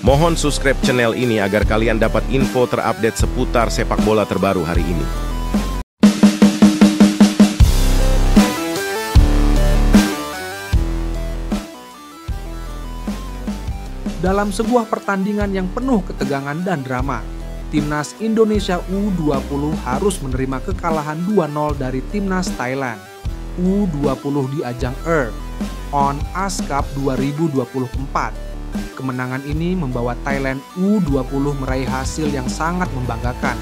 Mohon subscribe channel ini agar kalian dapat info terupdate seputar sepak bola terbaru hari ini. Dalam sebuah pertandingan yang penuh ketegangan dan drama, timnas Indonesia U20 harus menerima kekalahan 2-0 dari timnas Thailand. U20 di ajang Earth on ASCAP 2024. Kemenangan ini membawa Thailand U20 meraih hasil yang sangat membanggakan.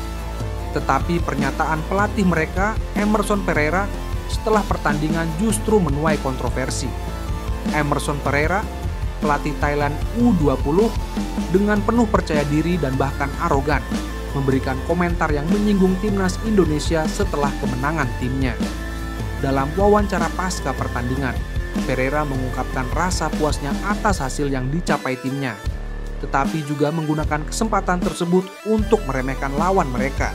Tetapi pernyataan pelatih mereka, Emerson Pereira, setelah pertandingan justru menuai kontroversi. Emerson Pereira pelatih Thailand U20 dengan penuh percaya diri dan bahkan arogan, memberikan komentar yang menyinggung timnas Indonesia setelah kemenangan timnya. Dalam wawancara pasca pertandingan, Pereira mengungkapkan rasa puasnya atas hasil yang dicapai timnya, tetapi juga menggunakan kesempatan tersebut untuk meremehkan lawan mereka.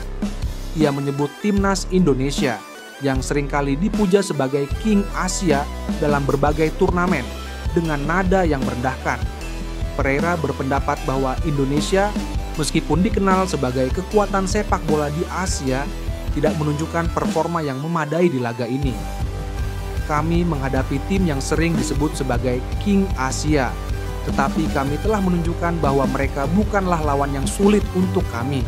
Ia menyebut timnas Indonesia yang seringkali dipuja sebagai King Asia dalam berbagai turnamen dengan nada yang merendahkan. Pereira berpendapat bahwa Indonesia, meskipun dikenal sebagai kekuatan sepak bola di Asia, tidak menunjukkan performa yang memadai di laga ini. Kami menghadapi tim yang sering disebut sebagai King Asia, tetapi kami telah menunjukkan bahwa mereka bukanlah lawan yang sulit untuk kami.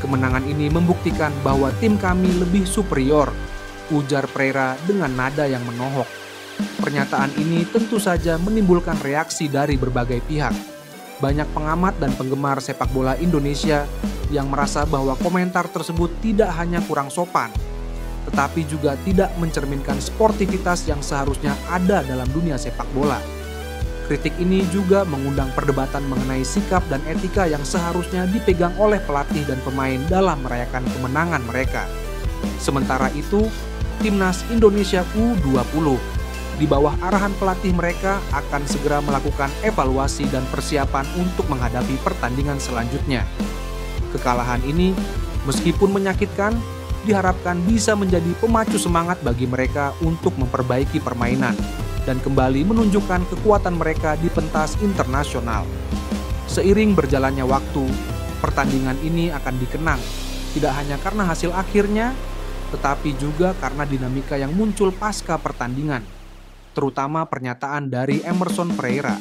Kemenangan ini membuktikan bahwa tim kami lebih superior, ujar Pereira dengan nada yang menohok. Pernyataan ini tentu saja menimbulkan reaksi dari berbagai pihak. Banyak pengamat dan penggemar sepak bola Indonesia yang merasa bahwa komentar tersebut tidak hanya kurang sopan, tetapi juga tidak mencerminkan sportivitas yang seharusnya ada dalam dunia sepak bola. Kritik ini juga mengundang perdebatan mengenai sikap dan etika yang seharusnya dipegang oleh pelatih dan pemain dalam merayakan kemenangan mereka. Sementara itu, Timnas Indonesia U20 di bawah arahan pelatih mereka akan segera melakukan evaluasi dan persiapan untuk menghadapi pertandingan selanjutnya. Kekalahan ini, meskipun menyakitkan, diharapkan bisa menjadi pemacu semangat bagi mereka untuk memperbaiki permainan dan kembali menunjukkan kekuatan mereka di pentas internasional. Seiring berjalannya waktu, pertandingan ini akan dikenang tidak hanya karena hasil akhirnya, tetapi juga karena dinamika yang muncul pasca pertandingan terutama pernyataan dari Emerson Pereira.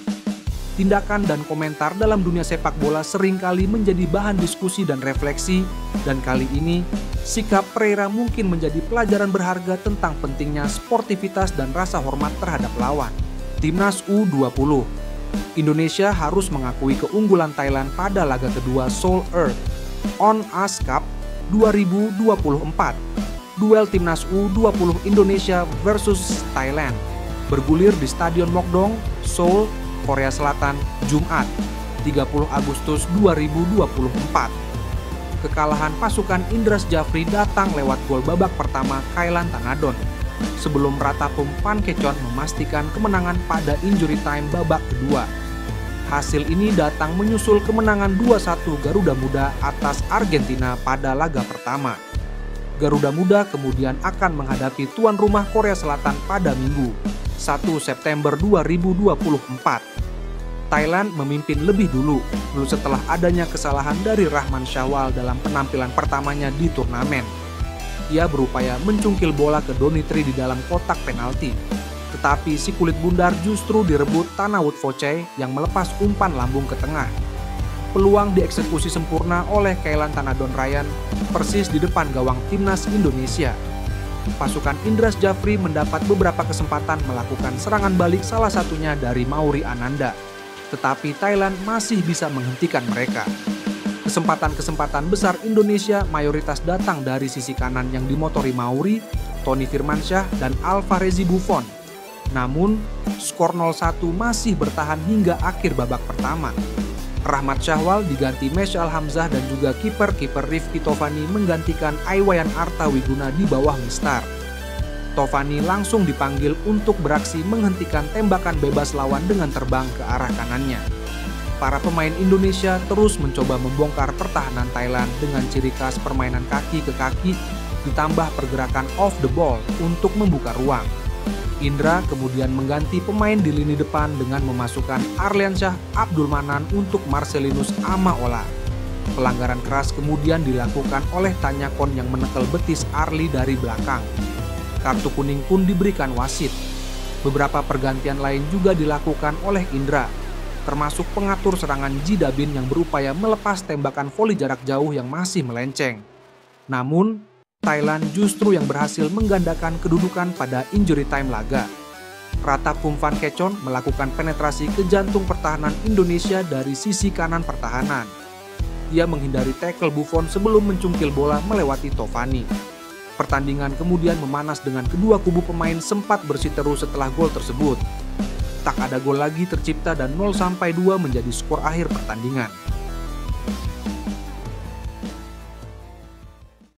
Tindakan dan komentar dalam dunia sepak bola seringkali menjadi bahan diskusi dan refleksi, dan kali ini sikap Pereira mungkin menjadi pelajaran berharga tentang pentingnya sportivitas dan rasa hormat terhadap lawan. Timnas U20 Indonesia harus mengakui keunggulan Thailand pada laga kedua Seoul Earth On Us Cup 2024. Duel Timnas U20 Indonesia versus Thailand bergulir di Stadion Mokdong, Seoul, Korea Selatan, Jumat, 30 Agustus 2024. Kekalahan pasukan Indras Jafri datang lewat gol babak pertama Kailan Tanadon. Sebelum Ratapum Pankecon memastikan kemenangan pada injury time babak kedua. Hasil ini datang menyusul kemenangan 2-1 Garuda Muda atas Argentina pada laga pertama. Garuda Muda kemudian akan menghadapi tuan rumah Korea Selatan pada minggu. 1 September 2024. Thailand memimpin lebih dulu, dulu setelah adanya kesalahan dari Rahman Syawal dalam penampilan pertamanya di turnamen. Ia berupaya mencungkil bola ke Donitri di dalam kotak penalti. Tetapi si kulit bundar justru direbut Tanawut Focey yang melepas umpan lambung ke tengah peluang dieksekusi sempurna oleh Kailan Tanadon Ryan persis di depan gawang timnas Indonesia pasukan Indras Jafri mendapat beberapa kesempatan melakukan serangan balik salah satunya dari Mauri Ananda. Tetapi Thailand masih bisa menghentikan mereka. Kesempatan-kesempatan besar Indonesia mayoritas datang dari sisi kanan yang dimotori Mauri, Tony Firmansyah, dan Alvarezi Buffon. Namun, skor 0-1 masih bertahan hingga akhir babak pertama. Rahmat Syahwal diganti Meshal Hamzah dan juga kiper-kiper Rifki Tovani menggantikan Aiwayan Arta Wiguna di bawah Mistar. Tovani langsung dipanggil untuk beraksi menghentikan tembakan bebas lawan dengan terbang ke arah kanannya. Para pemain Indonesia terus mencoba membongkar pertahanan Thailand dengan ciri khas permainan kaki ke kaki ditambah pergerakan off the ball untuk membuka ruang. Indra kemudian mengganti pemain di lini depan dengan memasukkan Arliansyah Abdul Manan untuk Marcelinus Amaola. Pelanggaran keras kemudian dilakukan oleh Tanyakon yang menekel betis Arli dari belakang. Kartu kuning pun diberikan wasit. Beberapa pergantian lain juga dilakukan oleh Indra, termasuk pengatur serangan Jidabin yang berupaya melepas tembakan voli jarak jauh yang masih melenceng. Namun, Thailand justru yang berhasil menggandakan kedudukan pada injury time laga. Rata Pumfan Kecon melakukan penetrasi ke jantung pertahanan Indonesia dari sisi kanan pertahanan. Ia menghindari tackle Buffon sebelum mencungkil bola melewati Tovani. Pertandingan kemudian memanas dengan kedua kubu pemain sempat bersiteru setelah gol tersebut. Tak ada gol lagi tercipta dan 0-2 menjadi skor akhir pertandingan.